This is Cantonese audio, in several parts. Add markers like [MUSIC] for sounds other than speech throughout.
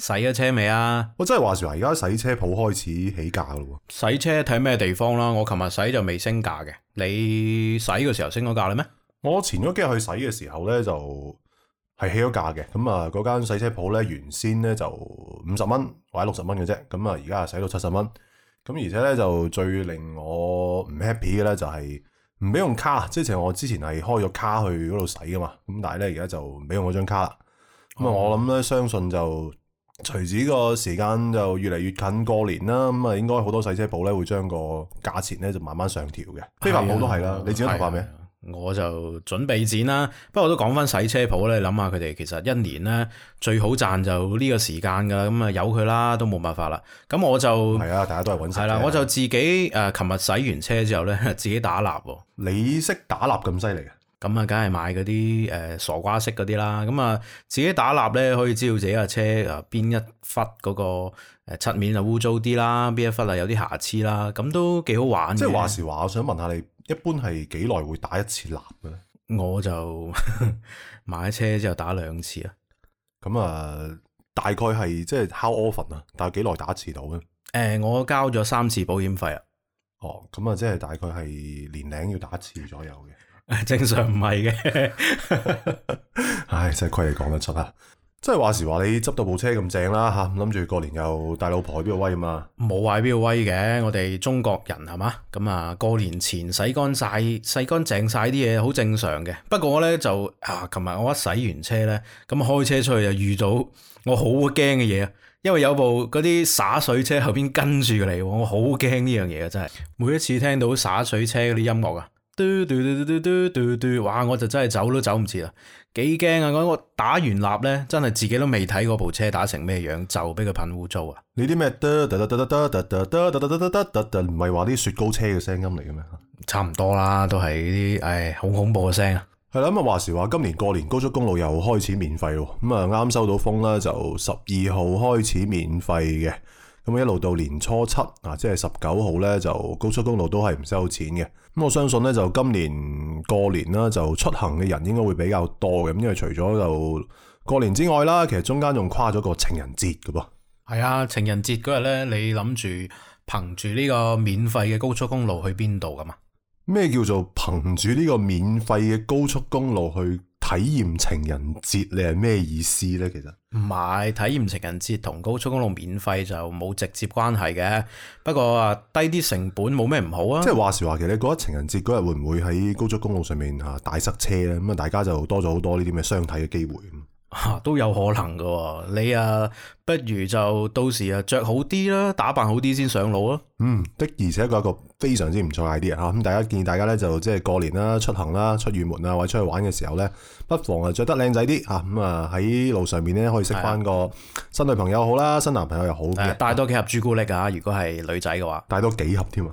洗咗車未啊？我真係話時話，而、就是嗯、家洗車鋪開始起價咯。洗車睇咩地方啦？我琴日洗就未升價嘅。你洗嘅時候升咗價啦咩？我前嗰幾日去洗嘅時候咧，就係起咗價嘅。咁啊，嗰間洗車鋪咧，原先咧就五十蚊或者六十蚊嘅啫。咁、嗯、啊、嗯，而家啊洗到七十蚊。咁而且咧就最令我唔 happy 嘅咧，就係唔俾用卡。之前我之前係開咗卡去嗰度洗噶嘛。咁但係咧而家就唔俾用張、哦、我張卡啦。咁啊，我諗咧相信就。隨住個時間就越嚟越近過年啦，咁啊應該好多洗車鋪咧會將個價錢咧就慢慢上調嘅，批發鋪都係啦。啊、你剪咗頭髮未、啊？我就準備剪啦，不過我都講翻洗車鋪咧，你諗下佢哋其實一年咧最好賺就呢個時間㗎啦，咁啊由佢啦，都冇辦法啦。咁我就係啊，大家都係揾。係啦、啊，我就自己誒，琴、呃、日洗完車之後咧，自己打蠟喎。你識打蠟咁犀利嘅？咁啊，梗係、嗯、買嗰啲誒傻瓜式嗰啲啦。咁、嗯、啊，自己打蠟咧，可以知道自己架車誒邊一忽嗰個誒漆面啊污糟啲啦，邊一忽啊有啲瑕疵啦，咁都幾好玩，即係話時話，我想問下你，一般係幾耐會打一次蠟嘅咧？我就 [LAUGHS] 買車之後打兩次啊。咁啊、嗯呃，大概係即係 how often 啊，但係幾耐打一次到咧？誒、嗯，我交咗三次保險費啊。哦，咁、嗯、啊，即係大概係年零要打一次左右嘅。正常唔係嘅，唉，真係虧你講得出啊！即係話時話你執到部車咁正啦，吓諗住過年又帶老婆去邊度威嘛？冇話邊度威嘅，我哋中國人係嘛？咁啊，過年前洗乾晒、洗乾淨晒啲嘢，好正常嘅。不過我咧就啊，琴日我一洗完車咧，咁開車出去就遇到我好驚嘅嘢啊！因為有部嗰啲灑水車後邊跟住嚟，我好驚呢樣嘢啊！真係每一次聽到灑水車嗰啲音樂啊！嘟嘟嘟嘟嘟嘟嘟，哇！我就真係走都走唔切啦，幾驚啊！我打完蠟咧，真係自己都未睇嗰部車打成咩樣，就俾佢噴污糟啊！你啲咩？唔係話啲雪糕車嘅聲音嚟嘅咩？差唔多啦，都係啲唉，好恐怖嘅聲啊！係啦，咁啊話時話，今年過年高速公路又開始免費咯，咁啊啱收到風啦，就十二號開始免費嘅。咁一路到年初七啊，即係十九號咧，就高速公路都係唔收錢嘅。咁我相信咧，就今年過年啦，就出行嘅人應該會比較多嘅。咁因為除咗就過年之外啦，其實中間仲跨咗個情人節噶噃。係啊，情人節嗰日咧，你諗住憑住呢個免費嘅高速公路去邊度噶嘛？咩叫做憑住呢個免費嘅高速公路去？體驗情人節你係咩意思咧？其實唔係體驗情人節同高速公路免費就冇直接關係嘅。不過啊，低啲成本冇咩唔好啊。即係話時話，其實你覺得情人節嗰日會唔會喺高速公路上面吓大塞車咧？咁啊，大家就多咗好多呢啲咩相睇嘅機會。吓、啊、都有可能噶，你啊不如就到時啊着好啲啦，打扮好啲先上路咯。嗯，的而且確，一個非常之唔錯 idea 吓、啊，咁大家建議大家咧就即係過年啦、出行啦、出遠門啊或者出去玩嘅時候咧，不妨啊着得靚仔啲吓，咁啊喺路上面咧可以識翻個新女朋友好啦，啊、新男朋友又好。帶、啊、多幾盒朱古力啊，如果係女仔嘅話。帶多幾盒添啊，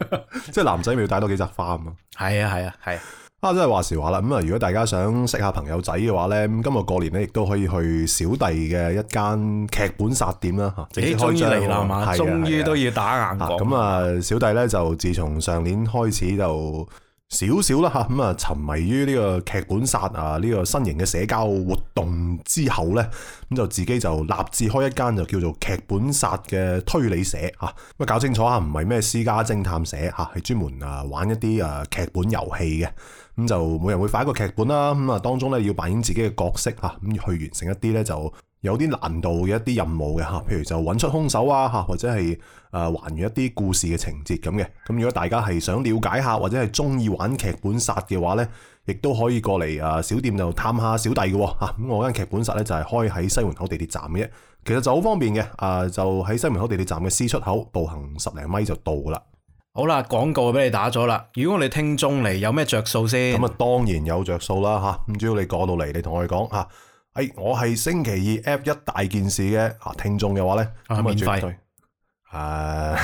[LAUGHS] 即係男仔咪要帶多幾扎花 [LAUGHS] 啊嘛。係啊係啊係。啊，真係話時話啦。咁啊，如果大家想識下朋友仔嘅話咧，咁今日過年咧，亦都可以去小弟嘅一間劇本殺店啦。吓，終於嚟啦嘛，終於都要打硬。咁啊，小弟咧就自從上年開始就少少啦。吓，咁啊，沉迷於呢個劇本殺啊，呢、這個新型嘅社交活動之後咧，咁、啊、就自己就立志開一間就叫做劇本殺嘅推理社。吓，啊，搞清楚啊，唔係咩私家偵探社吓，係、啊、專門啊玩一啲啊劇本遊戲嘅。咁就每人會發一個劇本啦，咁啊當中咧要扮演自己嘅角色嚇，咁去完成一啲咧就有啲難度嘅一啲任務嘅吓，譬如就揾出兇手啊嚇，或者係誒還原一啲故事嘅情節咁嘅。咁如果大家係想了解下或者係中意玩劇本殺嘅話咧，亦都可以過嚟啊小店就探下小弟嘅嚇。咁我間劇本殺咧就係開喺西門口地鐵站嘅，其實就好方便嘅。啊，就喺西門口地鐵站嘅 C 出口步行十零米就到噶啦。好啦，廣告俾你打咗啦。如果我哋聽眾嚟，有咩着數先？咁啊，當然有着數啦，吓。咁只要你過到嚟，你同我哋講吓，哎，我係星期二 F1 大件事嘅吓聽眾嘅話咧，咁啊，絕對，誒誒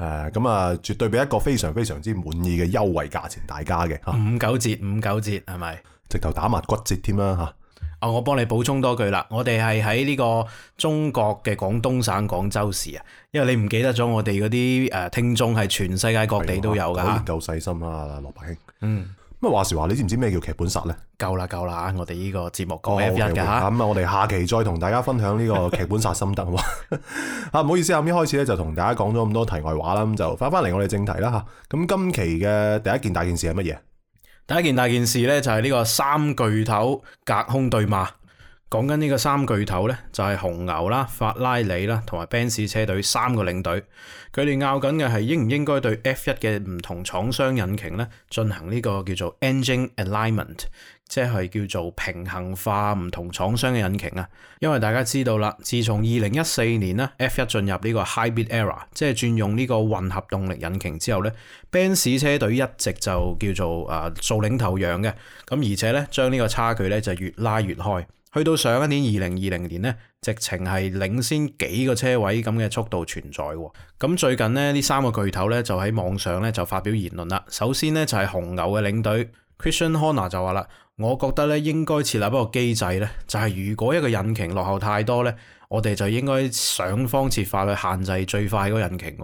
費，咁啊，啊絕對俾一個非常非常之滿意嘅優惠價錢大家嘅吓，五九折，五九折係咪？直頭打埋骨折添啦吓。哦，我幫你補充多句啦。我哋係喺呢個中國嘅廣東省廣州市啊，因為你唔記得咗我哋嗰啲誒聽眾係全世界各地都有噶夠細心啦，啊，羅伯兄。嗯，咁啊話時話，你知唔知咩叫劇本殺咧？夠啦，夠啦，我哋呢個節目講 F1 噶吓。咁啊，哦嗯，我哋下期再同大家分享呢個劇本殺心得。吓， [LAUGHS] 唔，啊，好意思啊，一開始咧就同大家講咗咁多題外話啦，咁就翻翻嚟，我哋正題啦吓。咁今期嘅第一件大件事係乜嘢？第一件大件事呢，就係呢個三巨頭隔空對罵。講緊呢個三巨頭呢，就係、是、紅牛啦、法拉利啦，同埋 Benz 車隊三個領隊，佢哋拗緊嘅係應唔應該對 F 一嘅唔同廠商引擎咧進行呢個叫做 engine alignment，即係叫做平衡化唔同廠商嘅引擎啊。因為大家知道啦，自從二零一四年呢，F 一進入呢個 hybrid era，即係轉用呢個混合動力引擎之後呢，Benz 車隊一直就叫做啊做、呃、領頭羊嘅，咁而且呢，將呢個差距呢就越拉越開。去到上一年二零二零年呢，直情係領先幾個車位咁嘅速度存在。咁最近呢，呢三個巨頭呢，就喺網上呢，就發表言論啦。首先呢，就係紅牛嘅領隊 Christian Horner 就話啦：「我覺得呢，應該設立一個機制呢，就係如果一個引擎落後太多呢，我哋就應該想方設法去限制最快嗰引擎。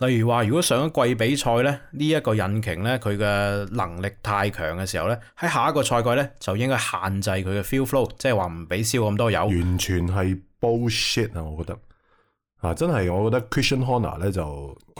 例如話，如果上一季比賽咧，呢、這、一個引擎咧佢嘅能力太強嘅時候咧，喺下一個賽季咧就應該限制佢嘅 fuel flow，即係話唔俾燒咁多油。完全係 bullshit 啊！我覺得我無無啊，真係我覺得 Christian Horner 咧就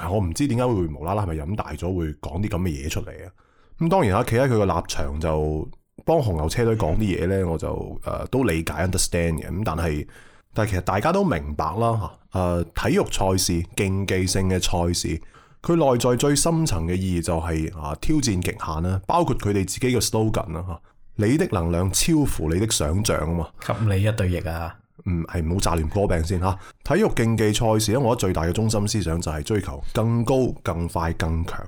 我唔知點解會無啦啦係咪飲大咗會講啲咁嘅嘢出嚟啊！咁當然啊，企喺佢個立場就幫紅牛車隊講啲嘢咧，我就誒、啊、都理解 understand 嘅，咁但係。但其實大家都明白啦吓，誒、啊，體育賽事、競技性嘅賽事，佢內在最深層嘅意義就係、是、啊挑戰極限啦，包括佢哋自己嘅 slogan 啦、啊、吓，你的能量超乎你的想象啊嘛，給你一對翼啊，嗯，係唔好雜亂波餅，先吓、啊，體育競技賽事咧，我覺得最大嘅中心思想就係追求更高、更快、更強，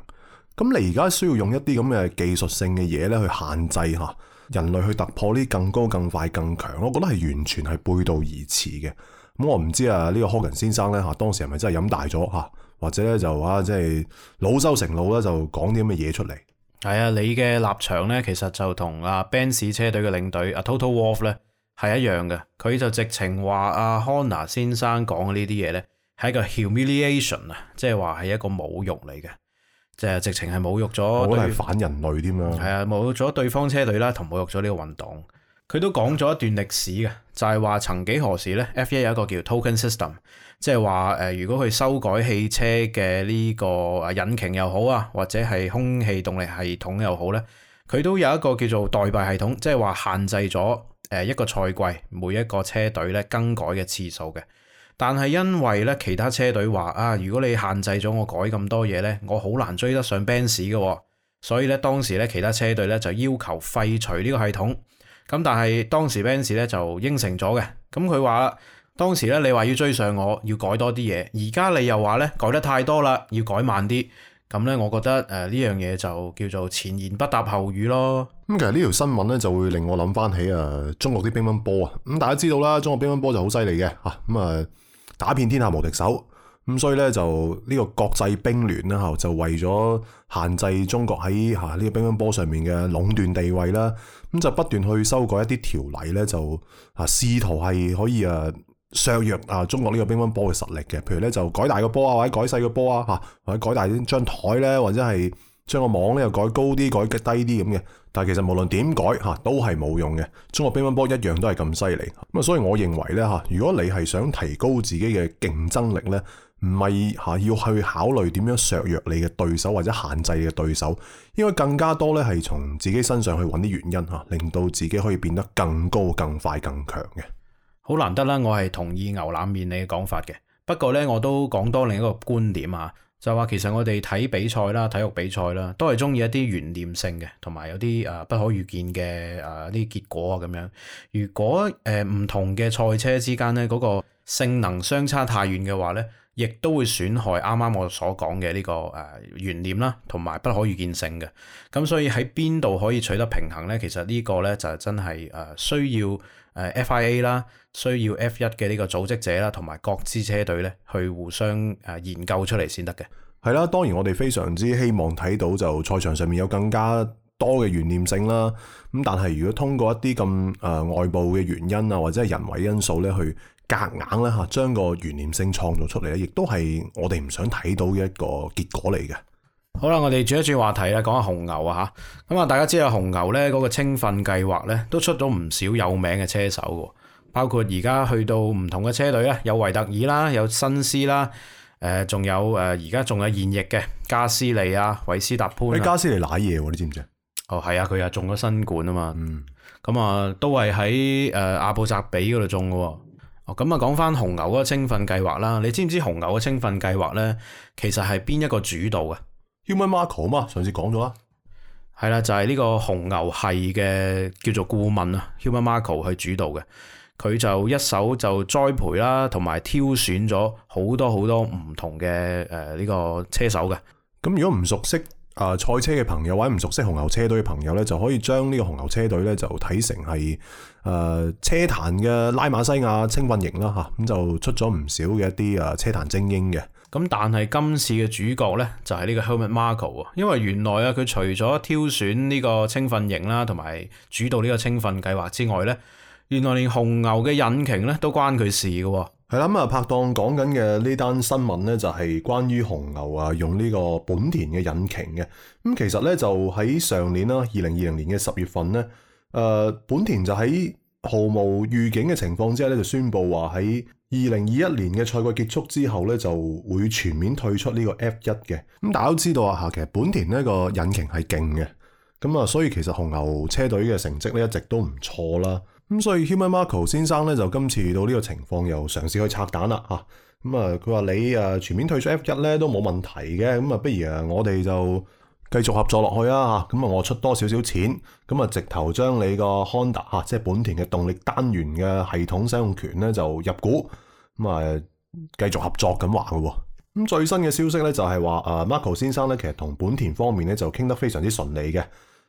咁你而家需要用一啲咁嘅技術性嘅嘢咧去限制吓。人類去突破呢更高、更快、更強。我覺得係完全係背道而馳嘅。咁、嗯、我唔知啊，呢、這個 Hogan 先生咧嚇、啊，當時係咪真係飲大咗嚇、啊，或者咧就啊即係老羞成怒咧，就講啲咁嘅嘢出嚟。係啊，你嘅立場咧，其實就同啊 Benz 車隊嘅領隊啊 Toto Wolf 咧係一樣嘅。佢就直情話啊 Hanna 先生講嘅呢啲嘢咧係一個 humiliation 啊，即係話係一個侮辱嚟嘅。就係直情係侮辱咗，係反人類添啦。係啊，侮辱咗對方車隊啦，同侮辱咗呢個運動。佢都講咗一段歷史嘅，就係話曾幾何時咧，F1 有一個叫 token system，即係話誒，如果佢修改汽車嘅呢個引擎又好啊，或者係空氣動力系統又好咧，佢都有一個叫做代幣系統，即係話限制咗誒一個賽季每一個車隊咧更改嘅次數嘅。但係因為咧，其他車隊話啊，如果你限制咗我改咁多嘢咧，我好難追得上 Benz 嘅，哦，所以咧，當時咧其他車隊咧就要求廢除呢個系統。咁但係當時 Benz 咧就應承咗嘅。咁佢話當時咧你話要追上我要改多啲嘢，而家你又話咧改得太多啦，要改慢啲。咁咧我覺得誒呢樣嘢就叫做前言不搭後語咯。咁其實呢條新聞咧就會令我諗翻起誒中國啲乒乓波啊。咁大家知道啦，中國乒乓波就好犀利嘅吓。咁啊。嗯打遍天下無敵手，咁所以咧就呢個國際乒聯啦嚇，就為咗限制中國喺嚇呢個乒乓波上面嘅壟斷地位啦，咁就不斷去修改一啲條例咧，就啊試圖係可以啊削弱啊中國呢個乒乓波嘅實力嘅，譬如咧就改大個波啊，或者改細個波啊，嚇或者改大張台咧，或者係。將個網咧又改高啲，改低啲咁嘅，但係其實無論點改吓，都係冇用嘅。中國乒乓波一樣都係咁犀利。咁所以我認為咧吓，如果你係想提高自己嘅競爭力咧，唔係吓要去考慮點樣削弱你嘅對手或者限制你嘅對手，應該更加多咧係從自己身上去揾啲原因吓，令到自己可以變得更高、更快、更強嘅。好難得啦，我係同意牛腩麵你嘅講法嘅，不過咧我都講多另一個觀點啊。就話其實我哋睇比賽啦，體育比賽啦，都係鍾意一啲懸念性嘅，同埋有啲啊不可預見嘅啊啲結果啊咁樣。如果誒唔、呃、同嘅賽車之間咧嗰個性能相差太遠嘅話咧。亦都會損害啱啱我所講嘅呢個誒懸念啦，同埋不可預見性嘅。咁所以喺邊度可以取得平衡呢？其實呢個呢，就真係誒需要誒 FIA 啦，需要 F 一嘅呢個組織者啦，同埋各支車隊呢，去互相誒研究出嚟先得嘅。係啦，啊，當然我哋非常之希望睇到就賽場上面有更加多嘅懸念性啦。咁但係如果通過一啲咁誒外部嘅原因啊，或者係人為因素呢，去。夾硬咧吓，將個懸念性創造出嚟咧，亦都係我哋唔想睇到嘅一個結果嚟嘅。好啦，我哋轉一轉話題啦，講下紅牛啊吓。咁啊，大家知啊，紅牛咧嗰個青訓計劃咧，都出咗唔少有名嘅車手噶，包括而家去到唔同嘅車隊咧，有維特爾啦，有新斯啦，誒，仲有誒，而家仲有現役嘅加斯利啊，維斯塔潘。誒、欸，加斯利瀨嘢，你知唔知？哦、啊？哦，係啊，佢又中咗新冠啊嘛。嗯。咁、嗯、啊、嗯，都係喺誒阿布扎比嗰度中噶。哦，咁啊，講翻紅牛嗰個青訓計劃啦，你知唔知紅牛嘅青訓計劃咧，其實係邊一個主導嘅 Helmut Marko 啊嘛，上次講咗啦，係啦，就係、是、呢個紅牛係嘅叫做顧問啊 Helmut Marko 去主導嘅，佢就一手就栽培啦，同埋挑選咗好多好多唔同嘅誒呢個車手嘅。咁如果唔熟悉啊！賽、呃、車嘅朋友或者唔熟悉紅牛車隊嘅朋友咧，就可以將呢個紅牛車隊咧就睇成係誒、呃、車壇嘅拉馬西亞青訓營啦吓，咁、啊、就出咗唔少嘅一啲誒車壇精英嘅。咁、嗯、但係今次嘅主角咧就係、是、呢個 Helmut Marko 啊，因為原來啊佢除咗挑選呢個青訓營啦，同埋主導呢個青訓計劃之外咧，原來連紅牛嘅引擎咧都關佢事嘅、啊。係啦，咁啊，拍檔講緊嘅呢單新聞呢，就係關於紅牛啊用呢個本田嘅引擎嘅。咁其實呢，就喺上年啦，二零二零年嘅十月份呢，誒，本田就喺毫無預警嘅情況之下呢，就宣布話喺二零二一年嘅賽季結束之後呢，就會全面退出呢個 F 一嘅。咁大家都知道啊，吓，其實本田呢個引擎係勁嘅，咁啊，所以其實紅牛車隊嘅成績呢，一直都唔錯啦。咁所以 Herman m a r c 先生咧就今次到呢個情況又嘗試去拆彈啦嚇，咁啊佢話你啊全面退出 F 一咧都冇問題嘅，咁啊不如啊我哋就繼續合作落去啊嚇，咁啊我出多少少錢，咁啊直頭將你個 Honda 嚇、啊、即係本田嘅動力單元嘅系統使用權咧就入股，咁啊繼續合作咁話嘅喎，咁、啊、最新嘅消息咧就係、是、話啊 m a r c 先生咧其實同本田方面咧就傾得非常之順利嘅。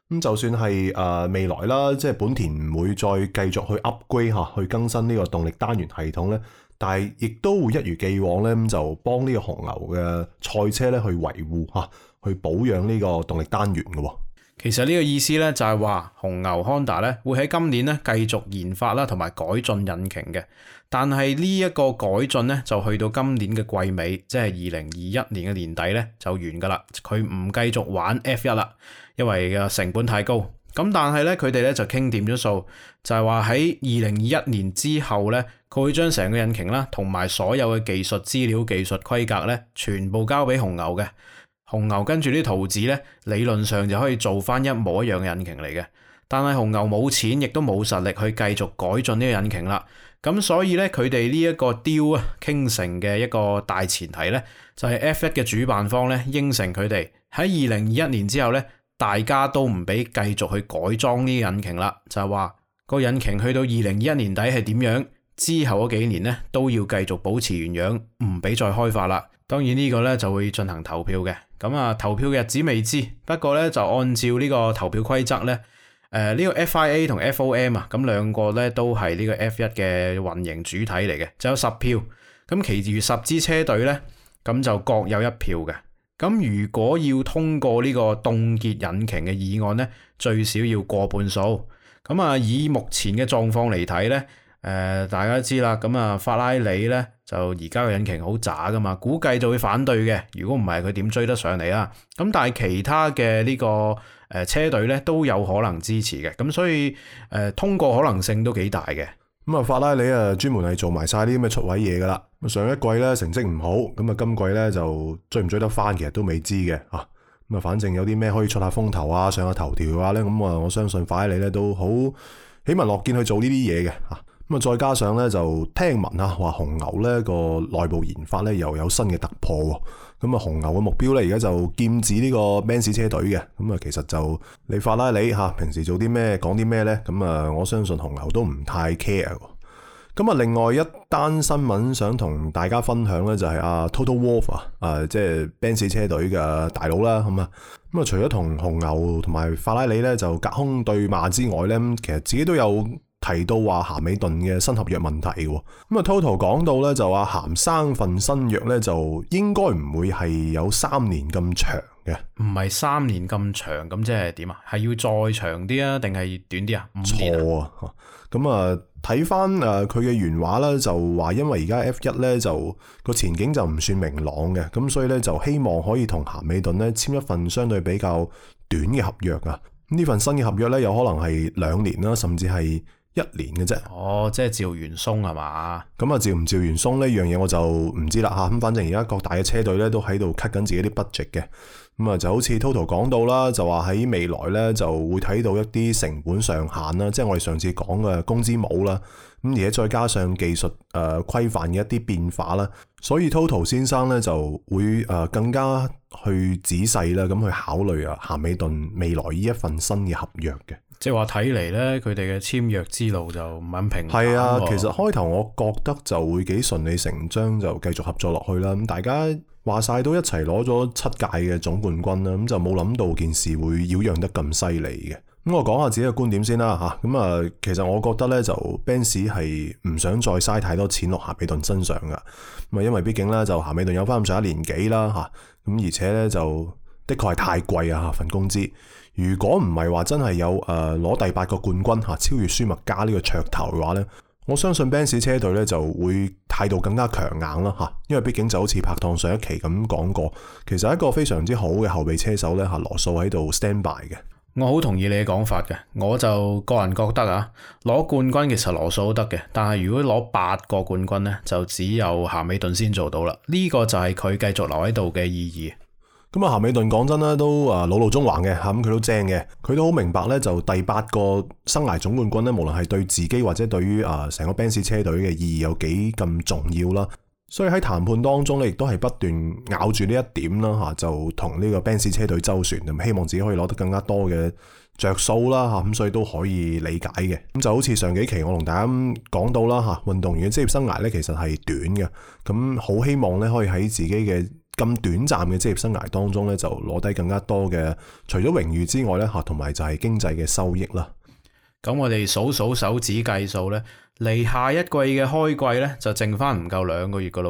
咁就算係誒未來啦，即係本田唔會再繼續去 upgrade 吓，去更新呢個動力單元系統咧，但係亦都會一如既往咧咁就幫呢個紅牛嘅賽車咧去維護吓，去保養呢個動力單元嘅。其實呢個意思咧就係話紅牛 Honda 咧會喺今年咧繼續研發啦，同埋改進引擎嘅。但係呢一個改進咧就去到今年嘅季尾，即係二零二一年嘅年底咧就完噶啦。佢唔繼續玩 F 一啦，因為嘅成本太高。咁但係咧佢哋咧就傾掂咗數，就係話喺二零二一年之後咧，佢會將成個引擎啦，同埋所有嘅技術資料、技術規格咧，全部交俾紅牛嘅。紅牛跟住啲圖紙咧，理論上就可以做翻一模一樣嘅引擎嚟嘅。但係紅牛冇錢，亦都冇實力去繼續改進呢個引擎啦。咁、嗯、所以咧，佢哋呢一個 deal 啊，傾成嘅一個大前提咧，就係、是、F1 嘅主辦方咧，應承佢哋喺二零二一年之後咧，大家都唔俾繼續去改裝呢個引擎啦，就係、是、話、個引擎去到二零二一年底係點樣，之後嗰幾年咧都要繼續保持原樣，唔俾再開發啦。當然個呢個咧就會進行投票嘅。咁啊，投票嘅日子未知，不過咧就按照呢個投票規則咧，誒、這、呢個 FIA 同 FOM 啊，咁兩個咧都係呢個 F 一嘅運營主體嚟嘅，就有十票，咁其餘十支車隊咧，咁就各有一票嘅，咁如果要通過呢個凍結引擎嘅議案咧，最少要過半數，咁啊以目前嘅狀況嚟睇咧。誒、呃，大家都知啦，咁啊法拉利咧就而家嘅引擎好渣噶嘛，估計就會反對嘅。如果唔係佢點追得上你啊？咁但係其他嘅呢個誒車隊咧都有可能支持嘅，咁所以誒、呃、通過可能性都幾大嘅。咁啊法拉利啊專門係做埋晒啲咩出位嘢噶啦。上一季咧成績唔好，咁啊今季咧就追唔追得翻，其實都未知嘅吓。咁啊反正有啲咩可以出下風頭啊，上下頭條啊咧，咁啊我相信法拉利咧都好喜聞樂見去做呢啲嘢嘅吓。啊咁啊，再加上咧就聽聞啊，話紅牛咧個內部研發咧又有新嘅突破，咁啊紅牛嘅目標咧而家就劍指呢個奔馳車隊嘅，咁啊其實就你法拉利吓平時做啲咩講啲咩咧，咁啊我相信紅牛都唔太 care。咁啊另外一單新聞想同大家分享咧就係阿 Toto Wolf 啊，誒即係奔馳車隊嘅大佬啦，咁啊咁啊除咗同紅牛同埋法拉利咧就隔空對罵之外咧，其實自己都有。提到話鹹美頓嘅新合約問題喎，咁啊 Toto 講到咧就話鹹生份新約咧就應該唔會係有三年咁長嘅，唔係三年咁長，咁即係點啊？係要再長啲啊，定係短啲啊？五年啊？錯啊。咁啊睇翻誒佢嘅原話咧，就話因為而家 F 一咧就個前景就唔算明朗嘅，咁所以咧就希望可以同鹹美頓咧簽一份相對比較短嘅合約啊。呢份新嘅合約咧有可能係兩年啦，甚至係，一年嘅啫，哦，即係趙元松係嘛？咁啊，趙唔趙元松呢樣嘢我就唔知啦吓。咁反正而家各大嘅車隊咧都喺度 cut 緊自己啲 budget 嘅，咁、嗯、啊就好似 Toto 講到啦，就話喺未來咧就會睇到一啲成本上限啦，即係我哋上次講嘅工資帽啦。咁而且再加上技術誒、呃、規範嘅一啲變化啦，所以 Toto 先生咧就會誒更加去仔細啦，咁去考慮啊咸美頓未來呢一份新嘅合約嘅。即係話睇嚟咧，佢哋嘅簽約之路就唔係咁平穩。係啊，其實開頭我覺得就會幾順理成章就繼續合作落去啦。咁大家話晒都一齊攞咗七屆嘅總冠軍啦。咁就冇諗到件事會擾攘得咁犀利嘅。咁我講下自己嘅觀點先啦嚇。咁啊，其實我覺得咧就 Benz 係唔想再嘥太多錢落夏美頓身上㗎。咪因為畢竟咧就夏美頓有返咁上下年紀啦嚇。咁、啊、而且咧就。的確係太貴啊！份工資，如果唔係話真係有誒攞、呃、第八個冠軍吓、啊，超越舒密加呢個噱頭嘅話咧，我相信 Benz 車隊咧就會態度更加強硬啦吓、啊，因為畢竟就好似拍檔上一期咁講過，其實一個非常之好嘅後備車手咧吓，羅、啊、素喺度 stand by 嘅。我好同意你嘅講法嘅，我就個人覺得啊，攞冠軍其實羅素都得嘅，但係如果攞八個冠軍咧，就只有夏美頓先做到啦，呢、這個就係佢繼續留喺度嘅意義。咁啊，咸美頓講真啦，都啊老老中橫嘅，咁、啊、佢都正嘅，佢都好明白咧，就第八個生涯總冠軍咧，無論係對自己或者對於啊成個奔士車隊嘅意義有幾咁重要啦。所以喺談判當中咧，亦都係不斷咬住呢一點啦，吓、啊、就同呢個奔士車隊周旋，咁、啊、希望自己可以攞得更加多嘅着數啦，吓、啊、咁所以都可以理解嘅。咁就好似上幾期我同大家講到啦，吓、啊、運動員嘅職業生涯咧，其實係短嘅，咁好希望咧可以喺自己嘅。咁短暫嘅職業生涯當中咧，就攞低更加多嘅，除咗榮譽之外咧，嚇同埋就係經濟嘅收益啦。咁我哋數數手指計數咧，嚟下一季嘅開季咧，就剩翻唔夠兩個月噶啦。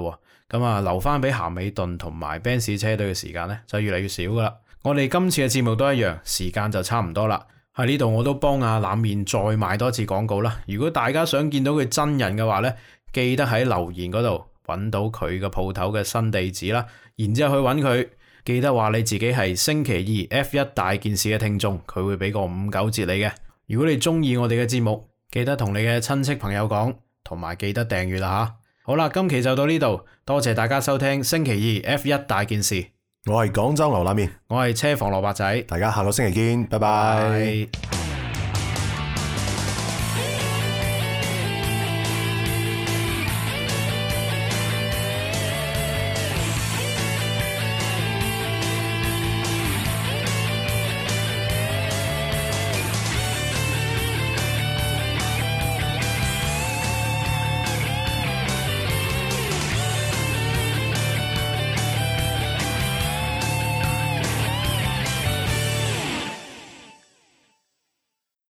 咁啊，留翻俾咸美頓同埋 Benz 車隊嘅時間咧，就越嚟越少噶啦。我哋今次嘅節目都一樣，時間就差唔多啦。喺呢度我都幫阿、啊、冷面再買多次廣告啦。如果大家想見到佢真人嘅話咧，記得喺留言嗰度，搵到佢嘅鋪頭嘅新地址啦，然之後去搵佢，記得話你自己係星期二 F 一大件事嘅聽眾，佢會俾個五九折你嘅。如果你中意我哋嘅節目，記得同你嘅親戚朋友講，同埋記得訂閱啦吓。好啦，今期就到呢度，多謝大家收聽星期二 F 一大件事。我係廣州牛腩麵，我係車房蘿蔔仔，大家下個星期見，拜拜。